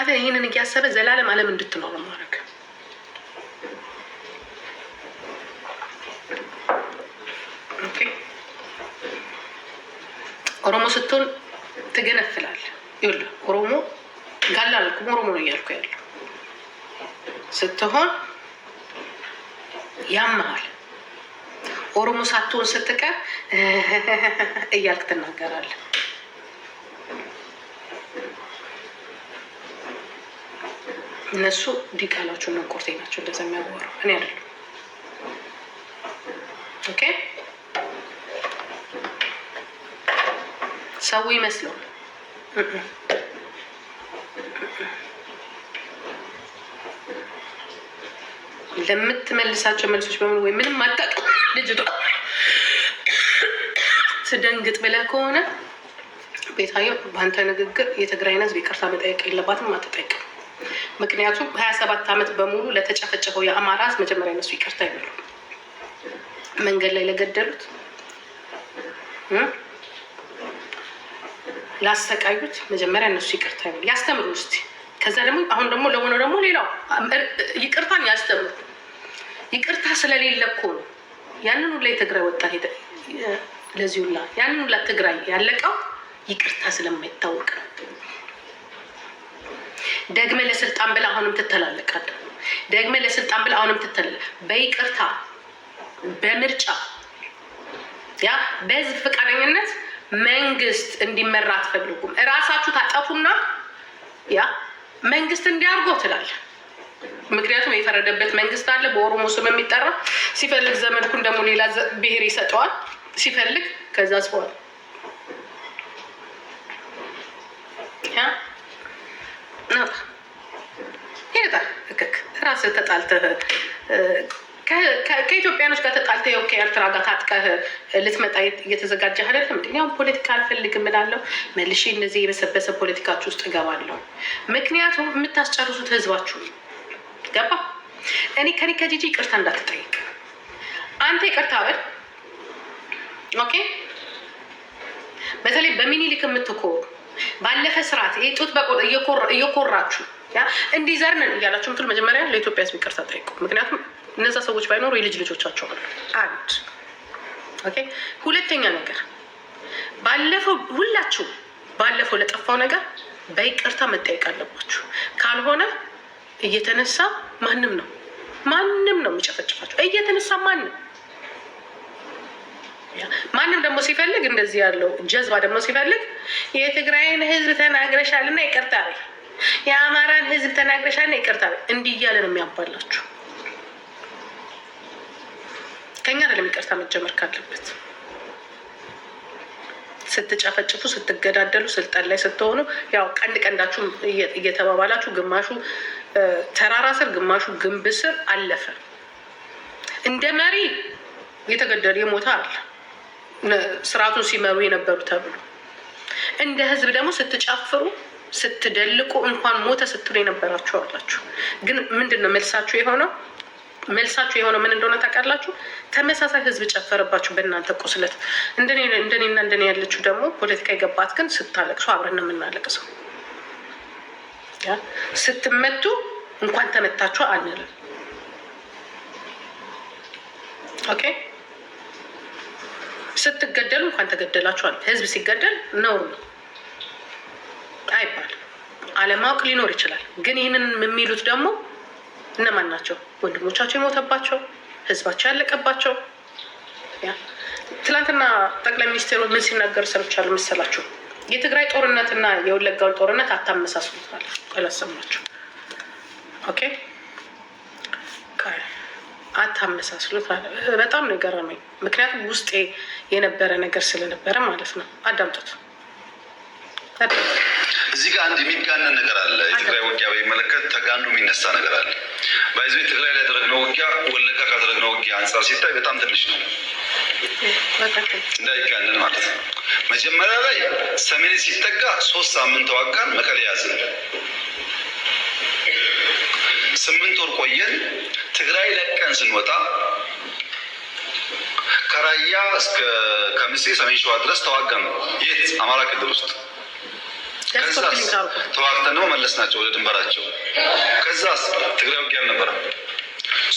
ጠላት ይህንን እያሰበ ዘላለም ዓለም እንድትኖር ማድረግ ኦሮሞ ስትሆን ትገነፍላል። ይኸውልህ ኦሮሞ ጋላ አልኩም ኦሮሞ ነው እያልኩ ያለ ስትሆን ያመሃል። ኦሮሞ ሳትሆን ስትቀር እያልክ ትናገራለህ። እነሱ እንዲህ መቆርቴ ናቸው እንደዛ የሚያዋራው እኔ አይደለም። ኦኬ ሰው ይመስለው ለምትመልሳቸው መልሶች በሙሉ ወይ ምንም አታውቅም ልጅቷ ስደንግጥ ብለህ ከሆነ ቤታየው በአንተ ንግግር የትግራይ ሕዝብ ይቅርታ መጠየቅ የለባትም አትጠይቅም። ምክንያቱም ሀያ ሰባት ዓመት በሙሉ ለተጨፈጨፈው የአማራ መጀመሪያ እነሱ ይቅርታ ይበሉ። መንገድ ላይ ለገደሉት፣ ላሰቃዩት መጀመሪያ እነሱ ይቅርታ ይበሉ፣ ያስተምሩ ውስጥ ከዛ ደግሞ አሁን ደግሞ ለሆነ ደግሞ ሌላው ይቅርታን ያስተምሩ። ይቅርታ ስለሌለ እኮ ነው ያንን ሁላ የትግራይ ወጣት ለዚህ ሁላ ያንን ሁላ ትግራይ ያለቀው ይቅርታ ስለማይታወቅ ነው። ደግመ ለስልጣን ብል አሁንም ትተላለቃለ። ደግመ ለስልጣን ብል አሁንም ትተላለ። በይቅርታ በምርጫ ያ በህዝብ ፈቃደኝነት መንግስት እንዲመራ አትፈልጉም። እራሳችሁ ታጠፉና ያ መንግስት እንዲያርጎ ትላለ። ምክንያቱም የፈረደበት መንግስት አለ በኦሮሞ ስም የሚጠራ ሲፈልግ ዘመድኩን ደግሞ ሌላ ብሔር ይሰጠዋል ሲፈልግ ከዛ ጽፏል ናት ይሄዳ ራስህ ተጣልተህ ከኢትዮጵያኖች ጋር ተጣልተህ ያው ከኤርትራ ጋር ታጥቀህ ልትመጣ እየተዘጋጀህ አይደለም እንዴ? ያው ፖለቲካ አልፈልግም እላለሁ፣ መልሼ እነዚህ የበሰበሰ ፖለቲካችሁ ውስጥ እገባለሁ። ምክንያቱም የምታስጨርሱት ህዝባችሁ ገባ። እኔ ከኔ ከጂጂ ይቅርታ እንዳትጠይቅ አንተ ይቅርታ በል ኦኬ። በተለይ በሚኒሊክ የምትኮሩ ባለፈ ስርዓት ይሄ ጡት እየኮራችሁ እንዲህ ዘር ነን እያላችሁ ምትል መጀመሪያ ለኢትዮጵያ ሕዝብ ይቅርታ ጠይቁ። ምክንያቱም እነዛ ሰዎች ባይኖሩ የልጅ ልጆቻቸው አሉ። አንድ ኦኬ። ሁለተኛ ነገር ባለፈው ሁላችሁ ባለፈው ለጠፋው ነገር በይቅርታ መጠየቅ አለባችሁ። ካልሆነ እየተነሳ ማንም ነው ማንም ነው የሚጨፈጭፋችሁ እየተነሳ ማንም ማንም ደግሞ ሲፈልግ እንደዚህ ያለው ጀዝባ ደግሞ ሲፈልግ የትግራይን ህዝብ ተናግረሻል ተናግረሻልና ይቅርታ በይ፣ የአማራን ህዝብ ተናግረሻል ተናግረሻልና ይቅርታ በይ፣ እንዲህ እያለ ነው የሚያባላችሁ። ከኛ አይደለም ይቅርታ መጀመር ካለበት። ስትጨፈጭፉ፣ ስትገዳደሉ፣ ስልጣን ላይ ስትሆኑ ያው ቀንድ ቀንዳችሁ እየተባባላችሁ ግማሹ ተራራ ስር ግማሹ ግንብ ስር አለፈ። እንደ መሪ የተገደሉ የሞተ አለ ስርዓቱን ሲመሩ የነበሩ ተብሎ እንደ ህዝብ ደግሞ ስትጨፍሩ ስትደልቁ እንኳን ሞተ ስትሉ የነበራችሁ አላችሁ። ግን ምንድን ነው መልሳችሁ የሆነው? መልሳችሁ የሆነው ምን እንደሆነ ታውቃላችሁ? ተመሳሳይ ህዝብ ጨፈረባችሁ በእናንተ ቁስለት። እንደኔና እንደኔ ያለችው ደግሞ ፖለቲካ የገባት ግን ስታለቅሱ አብረን የምናለቅሰው ስትመቱ እንኳን ተመታችሁ አንልም። ኦኬ ስትገደሉ እንኳን ተገደላችኋል። ህዝብ ሲገደል ነውር ነው አይባልም። አለማወቅ ሊኖር ይችላል። ግን ይህንን የሚሉት ደግሞ እነማን ናቸው? ወንድሞቻቸው የሞተባቸው፣ ህዝባቸው ያለቀባቸው። ትናንትና ጠቅላይ ሚኒስትሩ ምን ሲናገር ሰምቻለሁ መሰላችሁ? የትግራይ ጦርነትና የወለጋውን ጦርነት አታመሳስሉት አላሰማችሁ ኦኬ አታመሳስሉት። በጣም ነው የገረመኝ፣ ምክንያቱም ውስጤ የነበረ ነገር ስለነበረ ማለት ነው። አዳምጡት። እዚህ ጋር አንድ የሚጋነን ነገር አለ። የትግራይ ውጊያ በሚመለከት ተጋኑ የሚነሳ ነገር አለ። ባይዘ ትግራይ ላይ ያደረግነው ውጊያ ወለጋ ካደረግነው ውጊያ አንጻር ሲታይ በጣም ትንሽ ነው፣ እንዳይጋነን ማለት ነው። መጀመሪያ ላይ ሰሜን ሲጠጋ ሶስት ሳምንት ተዋጋን፣ መቀሌ ያዝን ስምንት ወር ቆየን። ትግራይ ለቀን ስንወጣ ከራያ እስከ ከምሴ ሰሜን ሸዋ ድረስ ነው። የት አማራ ክልል ውስጥ ከዛስ ተዋግተን ደግሞ መለስ ናቸው ወደ ድንበራቸው። ከዛስ ትግራይ ውጊያ አልነበረ።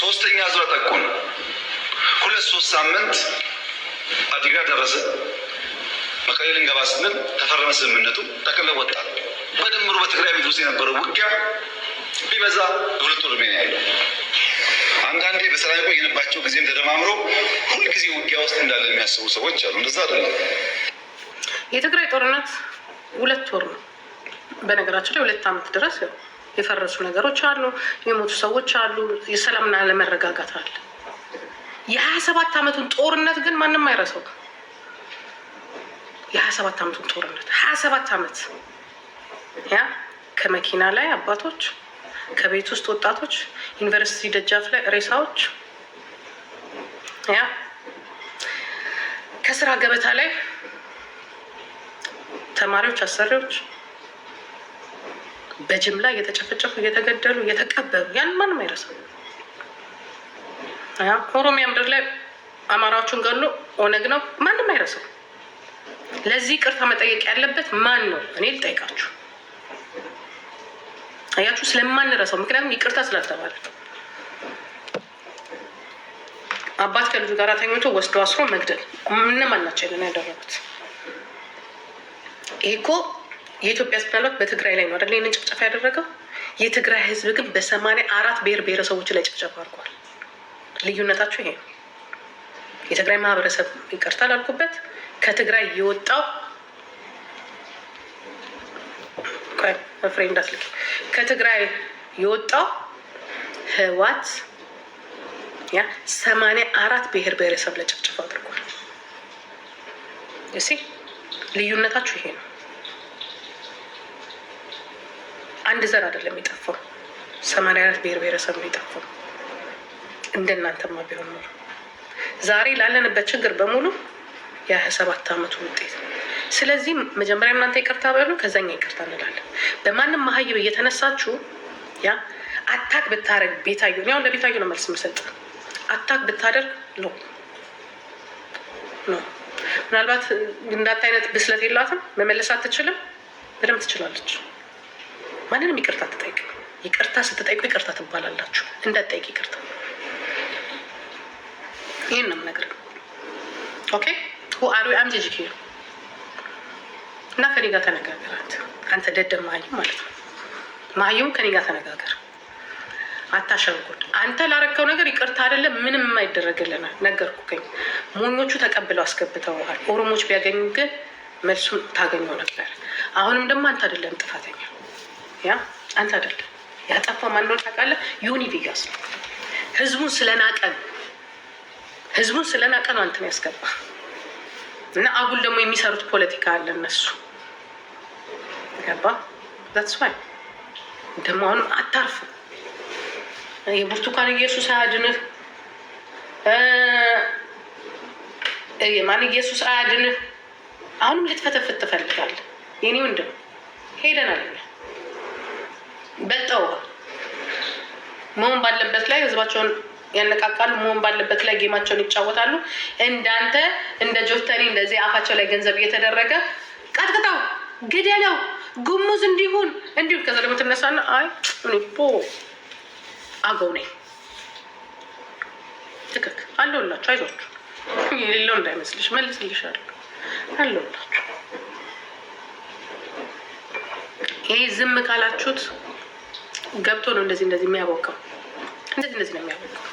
ሶስተኛ ዙር ጠቁን። ሁለት ሶስት ሳምንት አዲግራት ደረሰ። መቀሌ ልንገባ ስንል ተፈረመ ስምምነቱ ጠቅለ ወጣል። በድምሩ በትግራይ ቤት ውስጥ የነበረው ውጊያ ቢበዛ በሁለት ወር ሜን ያለው። አንዳንዴ በስራ የቆየንባቸው ጊዜም ተደማምሮ ሁልጊዜ ውጊያ ውስጥ እንዳለ የሚያስቡ ሰዎች አሉ። እንደዛ አይደለም። የትግራይ ጦርነት ሁለት ወር ነው። በነገራችን ላይ ሁለት ዓመት ድረስ የፈረሱ ነገሮች አሉ፣ የሞቱ ሰዎች አሉ፣ የሰላምና ለመረጋጋት አለ። የሀያ ሰባት ዓመቱን ጦርነት ግን ማንም አይረሳው። የሀያ ሰባት ዓመቱን ጦርነት ሀያ ሰባት ዓመት ያ ከመኪና ላይ አባቶች፣ ከቤት ውስጥ ወጣቶች፣ ዩኒቨርሲቲ ደጃፍ ላይ ሬሳዎች፣ ያ ከስራ ገበታ ላይ ተማሪዎች፣ አሰሪዎች በጅምላ እየተጨፈጨፉ እየተገደሉ እየተቀበሩ፣ ያን ማንም አይረሳም። ኦሮሚያ ምድር ላይ አማራዎቹን ገሎ ኦነግ ነው፣ ማንም አይረሳው። ለዚህ ቅርታ መጠየቅ ያለበት ማን ነው? እኔ ልጠይቃችሁ። አያችሁ፣ ስለማንረሳው ምክንያቱም ይቅርታ ስላልተባለ አባት ከልጁ ጋር ተኝቶ ወስዶ አስሮ መግደል እነማን ናቸው ያደረጉት? ይሄ እኮ የኢትዮጵያ ስፕላሎት በትግራይ ላይ ነው አደለ? ይህንን ጭፍጨፋ ያደረገው የትግራይ ህዝብ ግን በሰማንያ አራት ብሔር ብሔረሰቦች ላይ ጭፍጨፋ አድርጓል። ልዩነታቸው ይሄ ነው። የትግራይ ማህበረሰብ ይቅርታ ላልኩበት ከትግራይ የወጣው ፍሬ እንዳስልክ ከትግራይ የወጣው ህዋት ያ ሰማንያ አራት ብሔር ብሔረሰብ ለጭፍጭፍ አድርጓል። እሺ ልዩነታችሁ ይሄ ነው። አንድ ዘር አይደለም የጠፋው፣ ሰማንያ አራት ብሔር ብሔረሰብ ነው የጠፋው። እንደናንተማ ቢሆን ኖሮ ዛሬ ላለንበት ችግር በሙሉ የሀያ ሰባት አመቱ ውጤት ነው። ስለዚህ መጀመሪያ እናንተ ይቅርታ በሉ፣ ከዛኛ ይቅርታ እንላለን። በማንም መሀይብ እየተነሳችሁ ያ አታክ ብታደርግ ቤታዩ ያው ለቤታዩ ነው መልስ የምሰጥ። አታክ ብታደርግ ሎ ነው ምናልባት እንዳንተ አይነት ብስለት የላትም፣ መመለስ አትችልም። በደምብ ትችላለች። ማንንም ይቅርታ ትጠይቅ። ይቅርታ ስትጠይቁ ይቅርታ ትባላላችሁ። እንዳትጠይቅ ይቅርታ። ይህን ነው የምነግርህ። ኦኬ ሁ አሩ አምጅ ጅኪ እና ከኔ ጋር ተነጋገራት። አንተ ደደብ ማዩ ማለት ነው። ማዩም ከኔ ጋር ተነጋገር፣ አታሸንጉድ። አንተ ላረከው ነገር ይቅርታ አይደለም ምንም አይደረግልናል። ነገርኩኝ። ሞኞቹ ተቀብለው አስገብተዋል። ኦሮሞች ቢያገኙ ግን መልሱን ታገኘው ነበር። አሁንም ደግሞ አንተ አይደለም ጥፋተኛ፣ ያ አንተ አይደለም ያጠፋ ማንሆን ታውቃለህ። ዮኒ ቢያስ ነው ህዝቡን ስለናቀን ህዝቡን ስለናቀ ነው አንተን ያስገባ እና አጉል ደግሞ የሚሰሩት ፖለቲካ አለ እነሱ ገባ ዛትስ ዋይ ደግሞ አሁንም አታርፍም። የብርቱካን ኢየሱስ አያድንህ፣ የማን ኢየሱስ አያድንህ። አሁንም ልትፈተፍት ትፈልጋለህ። የኔ ወንድም ሄደናል። በልጠው መሆን ባለበት ላይ ህዝባቸውን ያነቃቃሉ። መሆን ባለበት ላይ ጌማቸውን ይጫወታሉ። እንዳንተ እንደ ጆተኒ እንደዚህ አፋቸው ላይ ገንዘብ እየተደረገ ቀጥቅጠው ግደለው ጉሙዝ እንዲሆን እንዲሁን። ከዛ ደግሞ ትነሳና አይ እኔ እኮ አገው ነኝ። ትክክ አለሁላችሁ፣ አይዟችሁ፣ የሌለው እንዳይመስልሽ መልስልሻለሁ፣ አለሁላችሁ። ይህ ዝም ካላችሁት ገብቶ ነው እንደዚህ እንደዚህ የሚያቦካው እንደዚህ እንደዚህ ነው የሚያቦካው።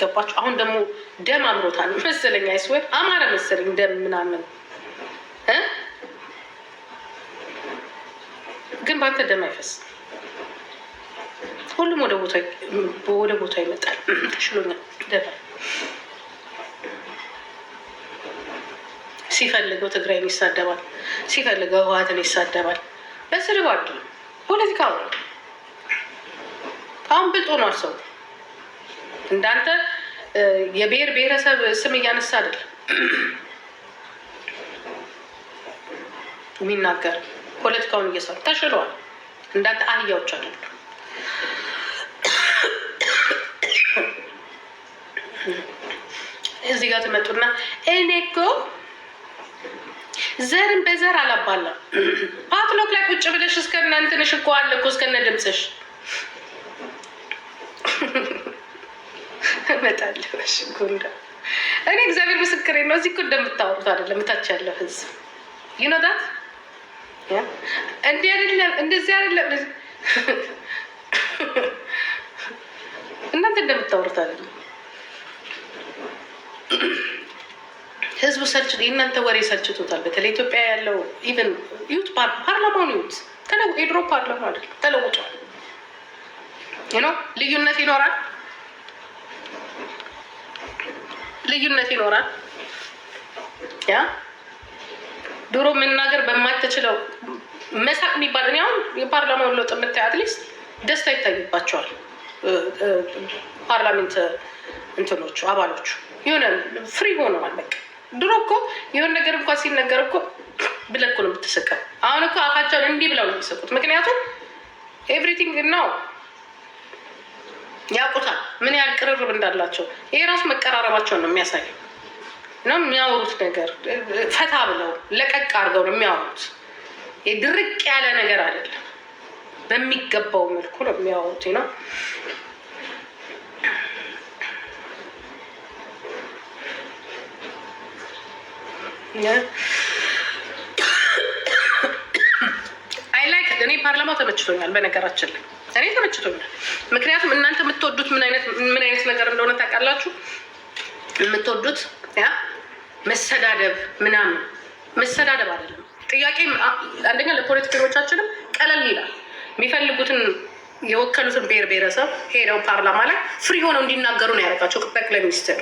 ገባችሁ? አሁን ደግሞ ደም አምሮታል መሰለኝ፣ አይስወር አማረ መሰለኝ ደም ምናምን በአንተ ደም አይፈስ። ሁሉም ወደ ቦታ ወደ ቦታ ይመጣል። ተሽሎኛል። ደም ሲፈልገው ትግራይን ይሳደባል፣ ሲፈልገው ህወሓትን ይሳደባል። በስድብ አዱ ፖለቲካ አውራ አሁን ብልጦ ነው አልሰው እንዳንተ የብሔር ብሔረሰብ ስም እያነሳ አይደለም የሚናገር ፖለቲካውን እየሰሩ ተሽለዋል። እንዳንተ አህያዎች አይደሉ። እዚህ ጋር ትመጡና እኔ እኮ ዘርን በዘር አላባላም። ፓትሎክ ላይ ቁጭ ብለሽ እስከነ እንትንሽ እኮ አለ እኮ እስከነ ድምፅሽ እመጣለሽ ጉንዳ እኔ እግዚአብሔር ምስክሬ ነው። እዚህ እኮ እንደምታወሩት አይደለም እታች ያለው ህዝብ ይኖዳት እንዲህ አይደለም፣ እንደዚህ አይደለም። እናንተ እንደምታወሩት አይደለም። ህዝቡ ሰልች የእናንተ ወሬ ሰልችቶታል። በተለይ ኢትዮጵያ ያለው ኢቨን ዩት ፓርላማን ዩት የድሮ ፓርላማ አይደለም ተለውጧል። ይኖ ልዩነት ይኖራል፣ ልዩነት ይኖራል። ያ ድሮ መናገር በማትችለው መሳቅ የሚባል እኔ አሁን የፓርላማውን ለውጥ የምታይ አትሊስት ደስታ ይታይባቸዋል። ፓርላሜንት እንትኖቹ አባሎቹ የሆነ ፍሪ ሆነዋል። በቃ ድሮ እኮ የሆነ ነገር እንኳን ሲነገር እኮ ብለህ እኮ ነው የምትሰቀው። አሁን እኮ አፋቸውን እንዲህ ብለው ነው የሚሰቁት። ምክንያቱም ኤቭሪቲንግ ነው ያውቁታል፣ ምን ያህል ቅርርብ እንዳላቸው። ይሄ ራሱ መቀራረባቸውን ነው የሚያሳየው ነው የሚያወሩት ነገር ፈታ ብለው ለቀቅ አድርገው ነው የሚያወሩት። የድርቅ ያለ ነገር አይደለም። በሚገባው መልኩ ነው የሚያወሩት ነው። አይ ላይክ እኔ ፓርላማው ተመችቶኛል። በነገራችን ላይ እኔ ተመችቶኛል። ምክንያቱም እናንተ የምትወዱት ምን አይነት ነገር እንደሆነ ታውቃላችሁ። የምትወዱት ያ መሰዳደብ ምናምን መሰዳደብ አይደለም ጥያቄ አንደኛ ለፖለቲከኞቻችንም ቀለል ይላል። የሚፈልጉትን የወከሉትን ብሔር ብሔረሰብ ሄደው ፓርላማ ላይ ፍሪ ሆነው እንዲናገሩ ነው ያደረጋቸው ጠቅላይ ሚኒስትር